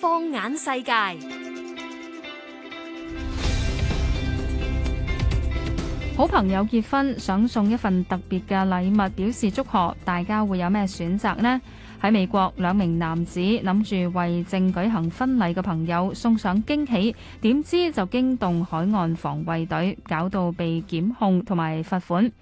放眼世界，好朋友結婚，想送一份特別嘅禮物表示祝賀，大家會有咩選擇呢？喺美國，兩名男子諗住為正舉行婚禮嘅朋友送上驚喜，點知就驚動海岸防衛隊，搞到被檢控同埋罰款。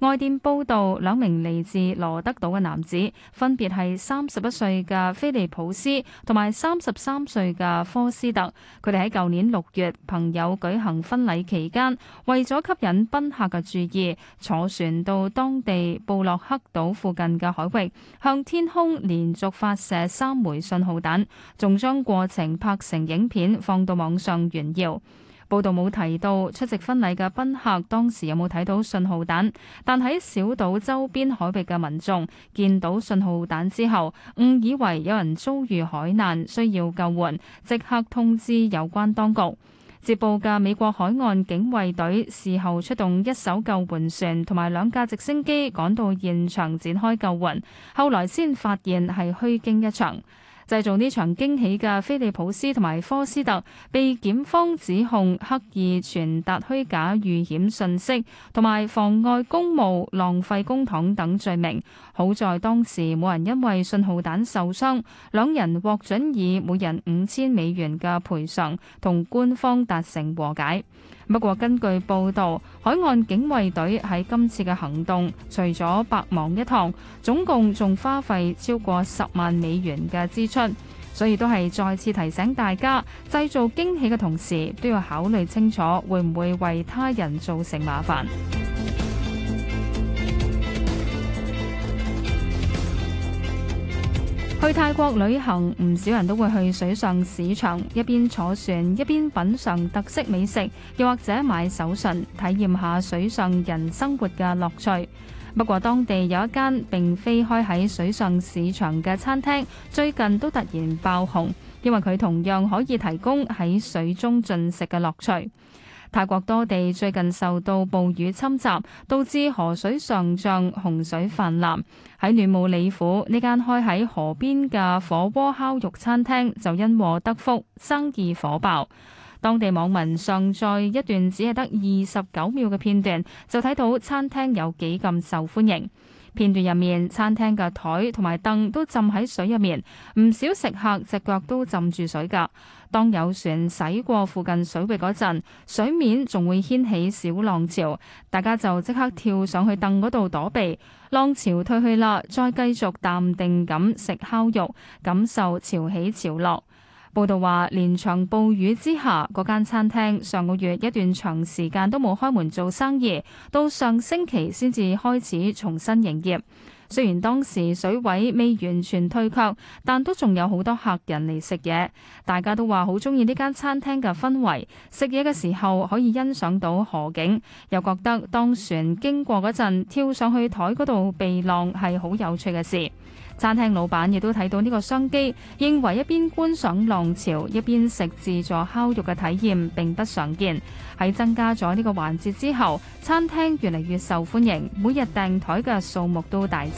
外電報道，兩名嚟自羅德島嘅男子，分別係三十一歲嘅菲利普斯同埋三十三歲嘅科斯特。佢哋喺舊年六月，朋友舉行婚禮期間，為咗吸引賓客嘅注意，坐船到當地布洛克島附近嘅海域，向天空連續發射三枚信號彈，仲將過程拍成影片放到網上炫耀。報道冇提到出席婚禮嘅賓客當時有冇睇到信號彈，但喺小島周邊海域嘅民眾見到信號彈之後，誤以為有人遭遇海難，需要救援，即刻通知有關當局。接報嘅美國海岸警衛隊事後出動一艘救援船同埋兩架直升機趕到現場展開救援，後來先發現係虛驚一場。製造呢場驚喜嘅菲利普斯同埋科斯特被檢方指控刻意傳達虛假遇險信息，同埋妨礙公務、浪費公帑等罪名。好在當時冇人因為信號彈受傷，兩人獲准以每人五千美元嘅賠償同官方達成和解。不過根據報道，海岸警衛隊喺今次嘅行動，除咗白忙一趟，總共仲花費超過十萬美元嘅支出，所以都係再次提醒大家，製造驚喜嘅同時，都要考慮清楚會唔會為他人造成麻煩。去泰國旅行，唔少人都會去水上市場，一邊坐船，一邊品嚐特色美食，又或者買手信，體驗下水上人生活嘅樂趣。不過，當地有一間並非開喺水上市場嘅餐廳，最近都突然爆紅，因為佢同樣可以提供喺水中進食嘅樂趣。泰國多地最近受到暴雨侵襲，導致河水上漲、洪水泛濫。喺暖武里府呢間開喺河邊嘅火鍋烤肉餐廳就因禍得福，生意火爆。當地網民上載一段只係得二十九秒嘅片段，就睇到餐廳有幾咁受歡迎。片段入面，餐廳嘅枱同埋凳都浸喺水入面，唔少食客隻腳都浸住水㗎。當有船駛過附近水域嗰陣，水面仲會掀起小浪潮，大家就即刻跳上去凳嗰度躲避。浪潮退去啦，再繼續淡定咁食烤肉，感受潮起潮落。報道話，連場暴雨之下，嗰間餐廳上個月一段長時間都冇開門做生意，到上星期先至開始重新營業。雖然當時水位未完全退卻，但都仲有好多客人嚟食嘢。大家都話好中意呢間餐廳嘅氛圍，食嘢嘅時候可以欣賞到河景，又覺得當船經過嗰陣跳上去台嗰度避浪係好有趣嘅事。餐廳老闆亦都睇到呢個商機，認為一邊觀賞浪潮，一邊食自助烤肉嘅體驗並不常見。喺增加咗呢個環節之後，餐廳越嚟越受歡迎，每日訂台嘅數目都大增。